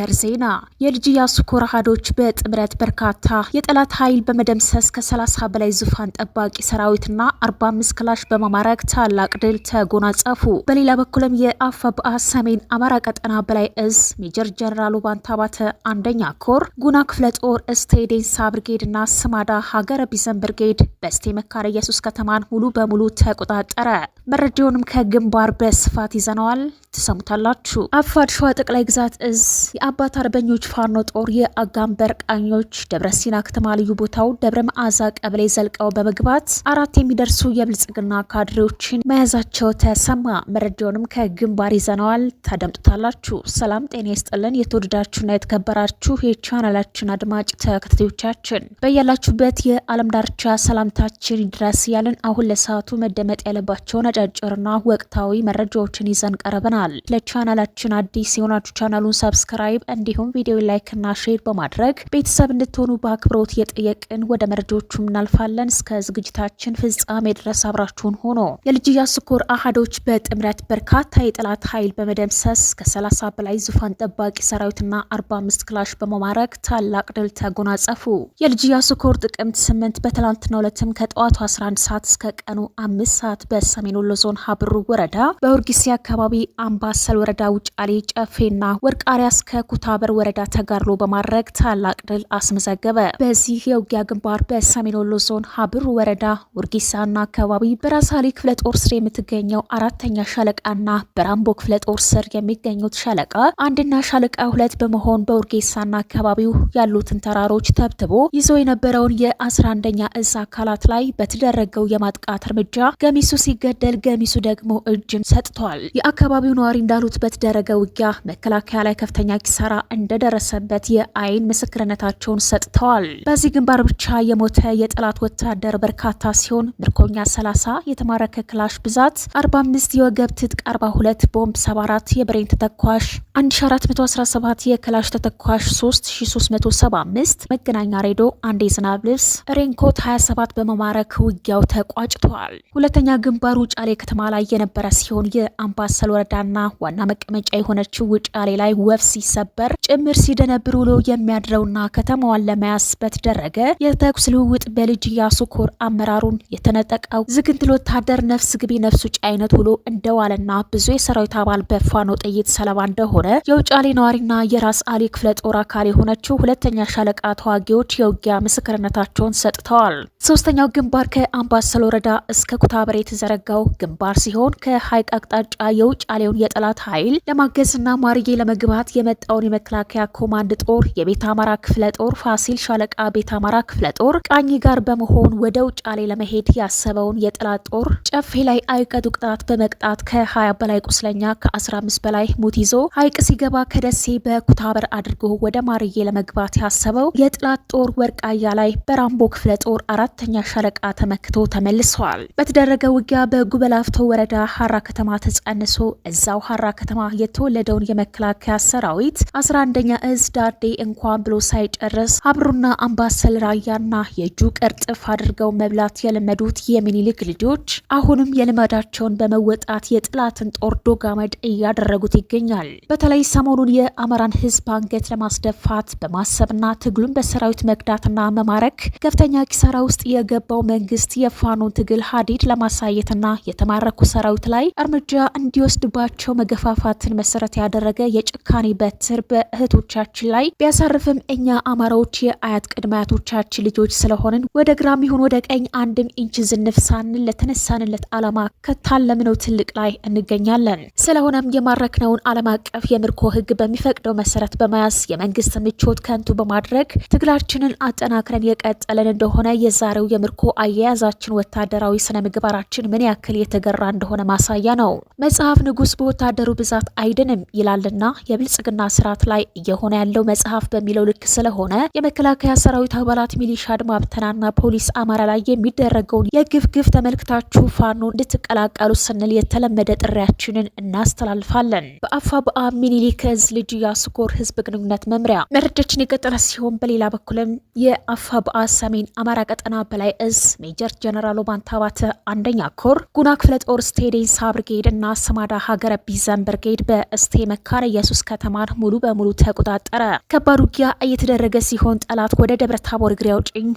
ሰበር ዜና የልጅያ ስኩር አሃዶች በጥምረት በርካታ የጠላት ኃይል በመደምሰስ ከ30 በላይ ዙፋን ጠባቂ ሰራዊትና 45 ክላሽ በማማረግ ታላቅ ድል ተጎናጸፉ። በሌላ በኩልም የአፋብአ ሰሜን አማራ ቀጠና በላይ እዝ ሜጀር ጀነራል ባንታባተ ባተ አንደኛ ኮር ጉና ክፍለ ጦር እስቴ ዴንሳ ብርጌድ እና ስማዳ ሀገረ ቢዘን ብርጌድ በስቴ መካነ ኢየሱስ ከተማን ሙሉ በሙሉ ተቆጣጠረ። መረጃውንም ከግንባር በስፋት ይዘነዋል። ትሰሙታላችሁ። አፋድ ሸዋ ጠቅላይ ግዛት እዝ የአባት አርበኞች ፋኖ ጦር የአጋምበር ቃኞች ደብረ ሲና ከተማ ልዩ ቦታው ደብረ መዓዛ ቀበሌ ዘልቀው በመግባት አራት የሚደርሱ የብልጽግና ካድሬዎችን መያዛቸው ተሰማ። መረጃውንም ከግንባር ይዘነዋል፣ ታደምጡታላችሁ። ሰላም ጤና ይስጥልን። የተወደዳችሁና የተከበራችሁ የቻናላችን አድማጭ ተከታታዮቻችን በያላችሁበት የዓለም ዳርቻ ሰላምታችን ይድረስ እያልን አሁን ለሰዓቱ መደመጥ ያለባቸውን አጫጭርና ወቅታዊ መረጃዎችን ይዘን ቀርበናል። ይሆናል። ለቻናላችን አዲስ የሆናችሁ ቻናሉን ሰብስክራይብ እንዲሁም ቪዲዮ ላይክና ሼር በማድረግ ቤተሰብ እንድትሆኑ በአክብሮት የጠየቅን ወደ መረጃዎቹ እናልፋለን። እስከ ዝግጅታችን ፍጻሜ ድረስ አብራችሁን ሆኖ የልጅያ ስኮር አህዶች በጥምረት በርካታ የጠላት ኃይል በመደምሰስ ከ30 በላይ ዙፋን ጠባቂ ሰራዊትና 45 ክላሽ በመማረክ ታላቅ ድል ተጎናጸፉ። የልጅያ ስኮር ጥቅምት 8 በትላንትናው ዕለትም ከጠዋቱ 11 ሰዓት እስከ ቀኑ አምስት ሰዓት በሰሜን ወሎ ዞን ሀብሩ ወረዳ በውርጊሴ አካባቢ አምባሰል ወረዳ ውጫሌ ጨፌና ወርቅ እስከ ኩታበር ወረዳ ተጋድሎ በማድረግ ታላቅ ድል አስመዘገበ። በዚህ የውጊያ ግንባር በሰሜን ወሎ ዞን ሀብሩ ወረዳ ውርጊሳና አካባቢ በራሳሌ ክፍለ ጦር ስር የምትገኘው አራተኛ ሻለቃና በራምቦ ክፍለ ጦር ስር የሚገኙት ሻለቃ አንድና ሻለቃ ሁለት በመሆን በውርጌሳና አካባቢው ያሉትን ተራሮች ተብትቦ ይዞ የነበረውን የ 11 እዝ አካላት ላይ በተደረገው የማጥቃት እርምጃ ገሚሱ ሲገደል ገሚሱ ደግሞ እጅን ሰጥቷል። የአካባቢው ነዋሪ እንዳሉት በተደረገ ውጊያ መከላከያ ላይ ከፍተኛ ኪሳራ እንደደረሰበት የአይን ምስክርነታቸውን ሰጥተዋል። በዚህ ግንባር ብቻ የሞተ የጠላት ወታደር በርካታ ሲሆን ምርኮኛ 30፣ የተማረከ ክላሽ ብዛት 45፣ የወገብ ትጥቅ 42፣ ቦምብ 74፣ የብሬን ተተኳሽ 1417፣ የክላሽ ተተኳሽ 3375፣ መገናኛ ሬዲዮ አንድ የዝናብ ልብስ ሬንኮት 27 በመማረክ ውጊያው ተቋጭቷል። ሁለተኛ ግንባሩ ጫሌ ከተማ ላይ የነበረ ሲሆን የአምባሰል ወረዳ ዋና ዋና መቀመጫ የሆነችው ውጫሌ ላይ ወፍ ሲሰበር ጭምር ሲደነብር ውሎ የሚያድረውና ከተማዋን ለመያዝ በተደረገ የተኩስ ልውውጥ በልጅ ኢያሱ ኮር አመራሩን የተነጠቀው ዝግንትል ወታደር ነፍስ ግቢ ነፍስ ውጭ አይነት ውሎ እንደዋለና ብዙ የሰራዊት አባል በፋኖ ጥይት ሰለባ እንደሆነ የውጫሌ ነዋሪና የራስ አሊ ክፍለ ጦር አካል የሆነችው ሁለተኛ ሻለቃ ተዋጊዎች የውጊያ ምስክርነታቸውን ሰጥተዋል። ሶስተኛው ግንባር ከአምባሰል ወረዳ እስከ ኩታበር የተዘረጋው ግንባር ሲሆን ከሀይቅ አቅጣጫ የውጫሌውን የጠላት ኃይል ለማገዝና ማርጌ ለመግባት የመጣውን የመከላከያ ኮማንድ ጦር የቤት አማራ ክፍለ ጦር ፋሲል ሻለቃ ቤት አማራ ክፍለ ጦር ቃኝ ጋር በመሆን ወደ ውጫሌ ለመሄድ ያሰበውን የጠላት ጦር ጨፌ ላይ አይቀጡ ቅጣት በመቅጣት ከ20 በላይ ቁስለኛ ከ15 በላይ ሙት ይዞ ሀይቅ ሲገባ ከደሴ በኩታበር አድርጎ ወደ ማርዬ ለመግባት ያሰበው የጠላት ጦር ወርቃያ ላይ በራምቦ ክፍለ ጦር አራተኛ ሻለቃ ተመክቶ ተመልሰዋል። በተደረገ ውጊያ በጉበላፍቶ ወረዳ ሀራ ከተማ ተጸንሶ እዛ በዛው ሀራ ከተማ የተወለደውን የመከላከያ ሰራዊት አስራ አንደኛ እዝ ዳርዴ እንኳን ብሎ ሳይጨርስ አብሩና አምባሰል ራያና የእጁ ቅርጥፍ አድርገው መብላት የለመዱት የሚኒሊክ ልጆች አሁንም የልመዳቸውን በመወጣት የጥላትን ጦር ዶጋመድ እያደረጉት ይገኛል። በተለይ ሰሞኑን የአማራን ህዝብ አንገት ለማስደፋት በማሰብና ትግሉን በሰራዊት መግዳትና መማረክ ከፍተኛ ኪሳራ ውስጥ የገባው መንግስት የፋኖን ትግል ሀዲድ ለማሳየትና የተማረኩ ሰራዊት ላይ እርምጃ እንዲወስድባቸው በእድሜያቸው መገፋፋትን መሰረት ያደረገ የጭካኔ በትር በእህቶቻችን ላይ ቢያሳርፍም እኛ አማራዎች የአያት ቅድመ አያቶቻችን ልጆች ስለሆንን ወደ ግራም ይሁን ወደ ቀኝ አንድም ኢንች ዝንፍ ሳንን ለተነሳንለት ዓላማ ከታለምነው ትልቅ ላይ እንገኛለን። ስለሆነም የማረክነውን ዓለም አቀፍ የምርኮ ህግ በሚፈቅደው መሰረት በመያዝ የመንግስት ምቾት ከንቱ በማድረግ ትግላችንን አጠናክረን የቀጠለን እንደሆነ የዛሬው የምርኮ አያያዛችን ወታደራዊ ስነ ምግባራችን ምን ያክል የተገራ እንደሆነ ማሳያ ነው። መጽሐፍ ንጉስ በወታደሩ ብዛት አይድንም ይላልና የብልጽግና ስርዓት ላይ እየሆነ ያለው መጽሐፍ በሚለው ልክ ስለሆነ የመከላከያ ሰራዊት አባላት ሚሊሻ፣ አድማ ብተናና ፖሊስ አማራ ላይ የሚደረገውን የግፍግፍ ተመልክታችሁ ፋኖ እንድትቀላቀሉ ስንል የተለመደ ጥሪያችንን እናስተላልፋለን። በአ ሚኒሊክ እዝ ልጅ ያስኮር ህዝብ ግንኙነት መምሪያ መረጃችን የቀጠለ ሲሆን በሌላ በኩልም የአፋ በአ ሰሜን አማራ ቀጠና በላይ እዝ ሜጀር ጀነራል ባንታባተ አንደኛ ኮር ጉና ክፍለ ጦር ስቴዴን ሳብርጌድ እና ሰማዳ ሀገር የጠረጴዛን ብርጌድ በእስቴ መካነ ኢየሱስ ከተማን ሙሉ በሙሉ ተቆጣጠረ። ከባድ ውጊያ እየተደረገ ሲሆን ጠላት ወደ ደብረ ታቦር እግሬ አውጪኝ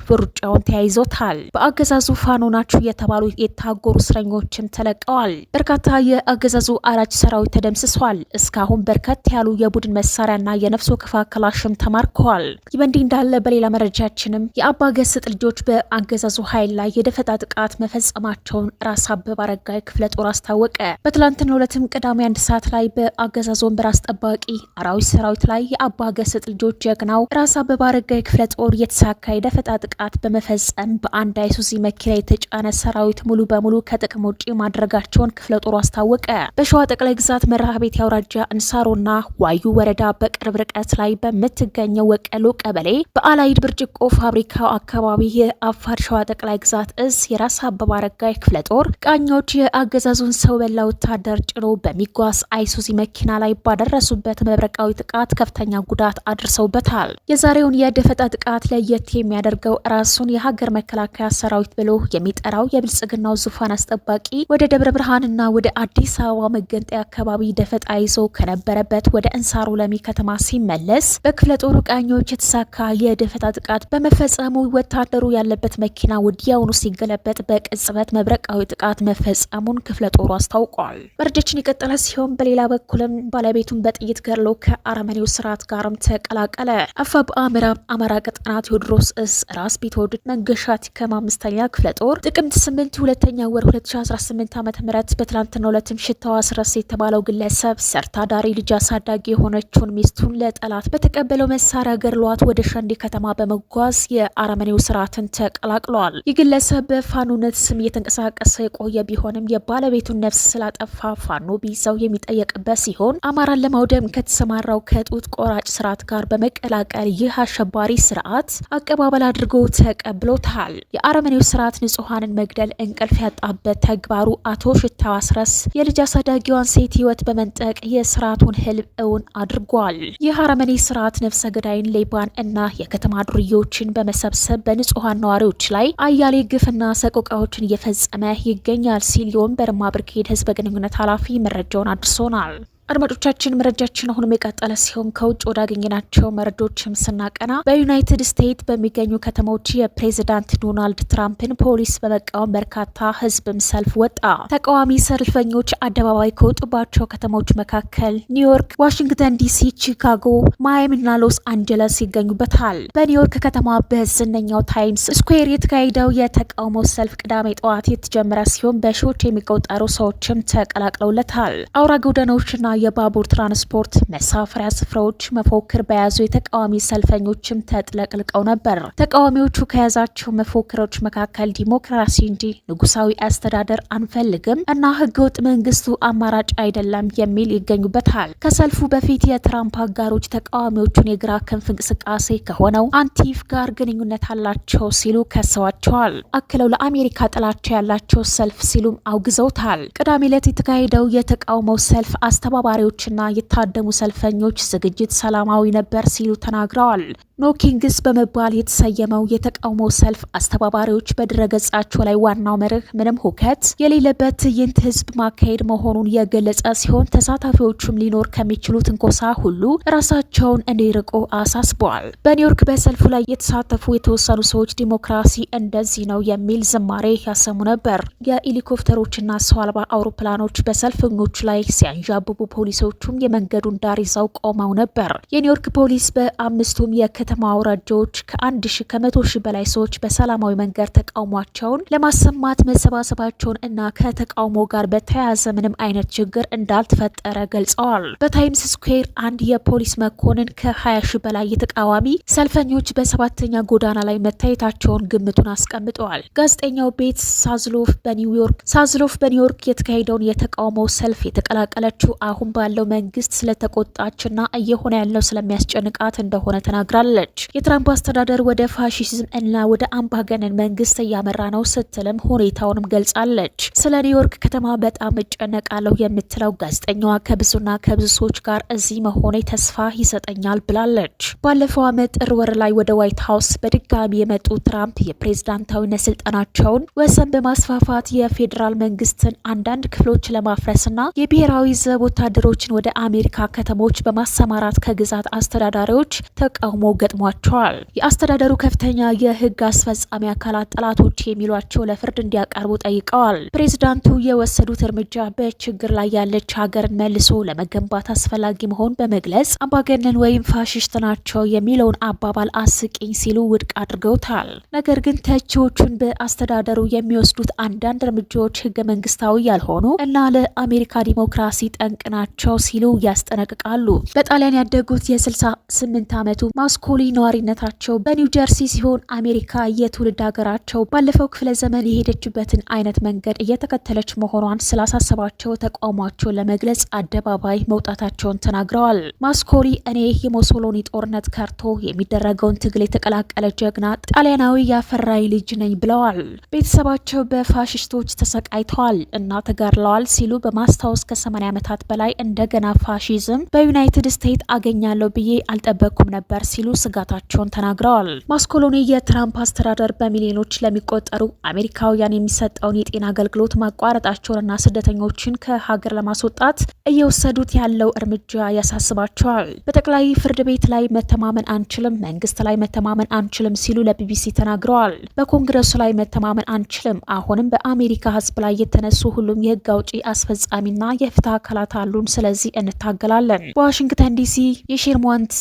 ተያይዞታል። በአገዛዙ ፋኖ ናችሁ የተባሉ የታጎሩ እስረኞችም ተለቀዋል። በርካታ የአገዛዙ አራጅ ሰራዊት ተደምስሷል። እስካሁን በርከት ያሉ የቡድን መሳሪያና የነፍስ ወከፍ ክላሽም ተማርከዋል። ይህ በእንዲህ እንዳለ በሌላ መረጃችንም የአባ ገስጥ ልጆች በአገዛዙ ኃይል ላይ የደፈጣ ጥቃት መፈጸማቸውን ራስ አበብ አረጋይ ክፍለ ጦር አስታወቀ። በትላንትናው ዕለትም ቀዳሚ አንድ ሰዓት ላይ በአገዛዝ ወንበር አስጠባቂ አራዊት ሰራዊት ላይ የአባ ገሰጥ ልጆች ጀግናው ራስ አበባ አረጋይ ክፍለ ጦር የተሳካ የደፈጣ ጥቃት በመፈጸም በአንድ አይሱዚ መኪና የተጫነ ሰራዊት ሙሉ በሙሉ ከጥቅም ውጪ ማድረጋቸውን ክፍለ ጦሩ አስታወቀ። በሸዋ ጠቅላይ ግዛት መርሃ ቤት ያውራጃ እንሳሮና ዋዩ ወረዳ በቅርብ ርቀት ላይ በምትገኘው ወቀሎ ቀበሌ በአላይድ ብርጭቆ ፋብሪካ አካባቢ የአፋር ሸዋ ጠቅላይ ግዛት እዝ የራስ አበባ አረጋይ ክፍለ ጦር ቃኞች የአገዛዙን ሰው በላ ወታደር ጭኖ በሚጓዝ አይሱዚ መኪና ላይ ባደረሱበት መብረቃዊ ጥቃት ከፍተኛ ጉዳት አድርሰውበታል። የዛሬውን የደፈጣ ጥቃት ለየት የሚያደርገው ራሱን የሀገር መከላከያ ሰራዊት ብሎ የሚጠራው የብልጽግናው ዙፋን አስጠባቂ ወደ ደብረ ብርሃንና ወደ አዲስ አበባ መገንጠያ አካባቢ ደፈጣ ይዞ ከነበረበት ወደ እንሳሮ ለሚ ከተማ ሲመለስ በክፍለ ጦሩ ቃኞች የተሳካ የደፈጣ ጥቃት በመፈጸሙ ወታደሩ ያለበት መኪና ወዲያውኑ ሲገለበጥ በቅጽበት መብረቃዊ ጥቃት መፈጸሙን ክፍለ ጦሩ አስታውቋል። መረጃችን የቀጠለ ሲሆን በሌላ በኩልም ባለቤቱን በጥይት ገድሎ ከአረመኔው ስርዓት ጋርም ተቀላቀለ። አፋብአ ምዕራብ አማራ ቀጠና ቴዎድሮስ እስ ራስ ቢትወደድ መንገሻ ቲከማ አምስተኛ ክፍለ ጦር ጥቅምት ስምንት ሁለተኛ ወር 2018 ዓ ም በትላንትና ሁለትም ሽታዋ አስረስ የተባለው ግለሰብ ሰርታ ዳሪ ልጅ አሳዳጊ የሆነችውን ሚስቱን ለጠላት በተቀበለው መሳሪያ ገድሏት ወደ ሸንዲ ከተማ በመጓዝ የአረመኔው ስርዓትን ተቀላቅሏል። ይህ ግለሰብ በፋኖነት ስም እየተንቀሳቀሰ የቆየ ቢሆንም የባለቤቱን ነፍስ ስላጠፋ ፋኖ ቢ ሰው የሚጠየቅበት ሲሆን አማራን ለማውደም ከተሰማራው ከጡት ቆራጭ ስርዓት ጋር በመቀላቀል ይህ አሸባሪ ስርዓት አቀባበል አድርጎ ተቀብሎታል። የአረመኔው ስርዓት ንጹሐንን መግደል እንቅልፍ ያጣበት ተግባሩ አቶ ሽታው አስረስ የልጅ አሳዳጊዋን ሴት ህይወት በመንጠቅ የስርዓቱን ህልም እውን አድርጓል። ይህ አረመኔ ስርዓት ነፍሰ ገዳይን፣ ሌባን እና የከተማ ዱርዬዎችን በመሰብሰብ በንጹሐን ነዋሪዎች ላይ አያሌ ግፍና ሰቆቃዎችን እየፈጸመ ይገኛል ሲል የወንበርማ ብርጌድ ህዝበ ግንኙነት ኃላፊ መረ Donald Sonal. አድማጮቻችን መረጃችን አሁንም የቀጠለ ሲሆን ከውጭ ወዳገኘናቸው መረዶችም ስናቀና በዩናይትድ ስቴትስ በሚገኙ ከተሞች የፕሬዚዳንት ዶናልድ ትራምፕን ፖሊስ በመቃወም በርካታ ህዝብም ሰልፍ ወጣ። ተቃዋሚ ሰልፈኞች አደባባይ ከወጡባቸው ከተሞች መካከል ኒውዮርክ፣ ዋሽንግተን ዲሲ፣ ቺካጎ፣ ማያሚ እና ሎስ አንጀለስ ይገኙበታል። በኒውዮርክ ከተማ በዝነኛው ታይምስ ስኩዌር የተካሄደው የተቃውሞ ሰልፍ ቅዳሜ ጠዋት የተጀመረ ሲሆን በሺዎች የሚቆጠሩ ሰዎችም ተቀላቅለውለታል። አውራ ጎዳናዎችና የባቡር ትራንስፖርት መሳፈሪያ ስፍራዎች መፎክር በያዙ የተቃዋሚ ሰልፈኞችም ተጥለቅልቀው ነበር። ተቃዋሚዎቹ ከያዛቸው መፎክሮች መካከል ዲሞክራሲ እንጂ ንጉሳዊ አስተዳደር አንፈልግም እና ህገወጥ መንግስቱ አማራጭ አይደለም የሚል ይገኙበታል። ከሰልፉ በፊት የትራምፕ አጋሮች ተቃዋሚዎቹን የግራ ክንፍ እንቅስቃሴ ከሆነው አንቲፍ ጋር ግንኙነት አላቸው ሲሉ ከሰዋቸዋል። አክለው ለአሜሪካ ጥላቸው ያላቸው ሰልፍ ሲሉም አውግዘውታል። ቅዳሜ ዕለት የተካሄደው የተቃውሞው ሰልፍ አስተባ ተባባሪዎችና የታደሙ ሰልፈኞች ዝግጅት ሰላማዊ ነበር ሲሉ ተናግረዋል። ኖኪንግስ በመባል የተሰየመው የተቃውሞ ሰልፍ አስተባባሪዎች በድረገጻቸው ላይ ዋናው መርህ ምንም ሁከት የሌለበት ትዕይንት ህዝብ ማካሄድ መሆኑን የገለጸ ሲሆን ተሳታፊዎቹም ሊኖር ከሚችሉ ትንኮሳ ሁሉ ራሳቸውን እንዲርቁ አሳስበዋል። በኒውዮርክ በሰልፉ ላይ የተሳተፉ የተወሰኑ ሰዎች ዲሞክራሲ እንደዚህ ነው የሚል ዝማሬ ያሰሙ ነበር። የሄሊኮፕተሮችና ሰው አልባ አውሮፕላኖች በሰልፈኞቹ ላይ ሲያንዣብቡ፣ ፖሊሶቹም የመንገዱን ዳር ይዘው ቆመው ነበር። የኒውዮርክ ፖሊስ በአምስቱም የከተ የከተማ አውራጃዎች ከአንድ ሺ ከመቶ ሺ በላይ ሰዎች በሰላማዊ መንገድ ተቃውሟቸውን ለማሰማት መሰባሰባቸውን እና ከተቃውሞ ጋር በተያያዘ ምንም አይነት ችግር እንዳልተፈጠረ ገልጸዋል። በታይምስ ስኩዌር አንድ የፖሊስ መኮንን ከ20 ሺህ በላይ የተቃዋሚ ሰልፈኞች በሰባተኛ ጎዳና ላይ መታየታቸውን ግምቱን አስቀምጠዋል። ጋዜጠኛው ቤት ሳዝሎፍ በኒውዮርክ ሳዝሎፍ በኒውዮርክ የተካሄደውን የተቃውሞ ሰልፍ የተቀላቀለችው አሁን ባለው መንግስት ስለተቆጣችና እየሆነ ያለው ስለሚያስጨንቃት እንደሆነ ተናግራል። ትገኛለች። የትራምፕ አስተዳደር ወደ ፋሽዝም እና ወደ አምባገነን መንግስት እያመራ ነው ስትልም ሁኔታውንም ገልጻለች። ስለ ኒውዮርክ ከተማ በጣም እጨነቃለሁ የምትለው ጋዜጠኛዋ ከብዙና ከብዙ ሰዎች ጋር እዚህ መሆኔ ተስፋ ይሰጠኛል ብላለች። ባለፈው ዓመት ጥር ወር ላይ ወደ ዋይት ሀውስ በድጋሚ የመጡ ትራምፕ የፕሬዝዳንታዊነት ነስልጠናቸውን ወሰን በማስፋፋት የፌዴራል መንግስትን አንዳንድ ክፍሎች ለማፍረስና የብሔራዊ ዘብ ወታደሮችን ወደ አሜሪካ ከተሞች በማሰማራት ከግዛት አስተዳዳሪዎች ተቃውሞ ገጥሟቸዋል። የአስተዳደሩ ከፍተኛ የህግ አስፈጻሚ አካላት ጠላቶች የሚሏቸው ለፍርድ እንዲያቀርቡ ጠይቀዋል። ፕሬዚዳንቱ የወሰዱት እርምጃ በችግር ላይ ያለች ሀገርን መልሶ ለመገንባት አስፈላጊ መሆን በመግለጽ አምባገነን ወይም ፋሽስት ናቸው የሚለውን አባባል አስቂኝ ሲሉ ውድቅ አድርገውታል። ነገር ግን ተቺዎቹን በአስተዳደሩ የሚወስዱት አንዳንድ እርምጃዎች ህገ መንግስታዊ ያልሆኑ እና ለአሜሪካ ዲሞክራሲ ጠንቅ ናቸው ሲሉ ያስጠነቅቃሉ። በጣሊያን ያደጉት የ68 ዓመቱ ማስኮ የፖሊ ነዋሪነታቸው በኒው ጀርሲ ሲሆን አሜሪካ የትውልድ ሀገራቸው ባለፈው ክፍለ ዘመን የሄደችበትን አይነት መንገድ እየተከተለች መሆኗን ስላሳሰባቸው ተቃውሟቸው ለመግለጽ አደባባይ መውጣታቸውን ተናግረዋል። ማስኮሪ እኔ የሞሶሎኒ ጦርነት ከርቶ የሚደረገውን ትግል የተቀላቀለ ጀግና ጣሊያናዊ ያፈራይ ልጅ ነኝ ብለዋል። ቤተሰባቸው በፋሽስቶች ተሰቃይተዋል እና ተጋድለዋል ሲሉ በማስታወስ ከ80 ዓመታት በላይ እንደገና ፋሽዝም በዩናይትድ ስቴትስ አገኛለሁ ብዬ አልጠበቅኩም ነበር ሲሉ ስጋታቸውን ተናግረዋል። ማስኮሎኒ የትራምፕ አስተዳደር በሚሊዮኖች ለሚቆጠሩ አሜሪካውያን የሚሰጠውን የጤና አገልግሎት ማቋረጣቸውንና ስደተኞችን ከሀገር ለማስወጣት እየወሰዱት ያለው እርምጃ ያሳስባቸዋል። በጠቅላይ ፍርድ ቤት ላይ መተማመን አንችልም፣ መንግስት ላይ መተማመን አንችልም ሲሉ ለቢቢሲ ተናግረዋል። በኮንግረሱ ላይ መተማመን አንችልም። አሁንም በአሜሪካ ህዝብ ላይ የተነሱ ሁሉም የህግ አውጪ አስፈጻሚና የፍትህ አካላት አሉን። ስለዚህ እንታገላለን። በዋሽንግተን ዲሲ የሼርሞንት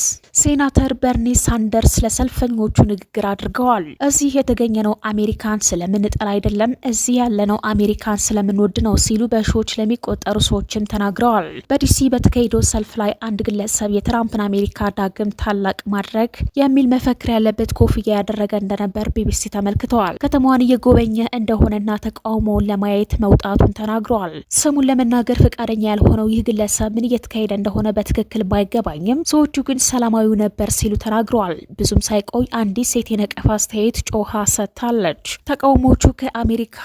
ሴናተር በርኒ በርኒ ሳንደርስ ለሰልፈኞቹ ንግግር አድርገዋል። እዚህ የተገኘነው አሜሪካን ስለምንጠላ አይደለም፣ እዚህ ያለነው አሜሪካን ስለምንወድ ነው ሲሉ በሺዎች ለሚቆጠሩ ሰዎችም ተናግረዋል። በዲሲ በተካሄደው ሰልፍ ላይ አንድ ግለሰብ የትራምፕን አሜሪካ ዳግም ታላቅ ማድረግ የሚል መፈክር ያለበት ኮፍያ ያደረገ እንደነበር ቢቢሲ ተመልክተዋል። ከተማዋን እየጎበኘ እንደሆነና ተቃውሞውን ለማየት መውጣቱን ተናግረዋል። ስሙን ለመናገር ፈቃደኛ ያልሆነው ይህ ግለሰብ ምን እየተካሄደ እንደሆነ በትክክል ባይገባኝም ሰዎቹ ግን ሰላማዊ ነበር ሲሉ ተናግረዋል። ተናግሯል። ብዙም ሳይቆይ አንዲት ሴት የነቀፋ አስተያየት ጮሃ ሰጥታለች። ተቃውሞቹ ከአሜሪካ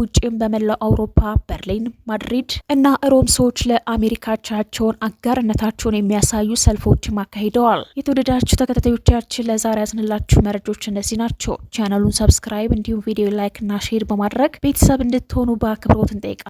ውጭም በመላው አውሮፓ በርሊን፣ ማድሪድ እና ሮም ሰዎች ለአሜሪካቻቸውን አጋርነታቸውን የሚያሳዩ ሰልፎችም አካሂደዋል። የተወደዳችሁ ተከታታዮቻችን ለዛሬ ያዝንላችሁ መረጆች እነዚህ ናቸው። ቻናሉን ሰብስክራይብ እንዲሁም ቪዲዮ ላይክ እና ሼር በማድረግ ቤተሰብ እንድትሆኑ በአክብሮት እንጠይቃል።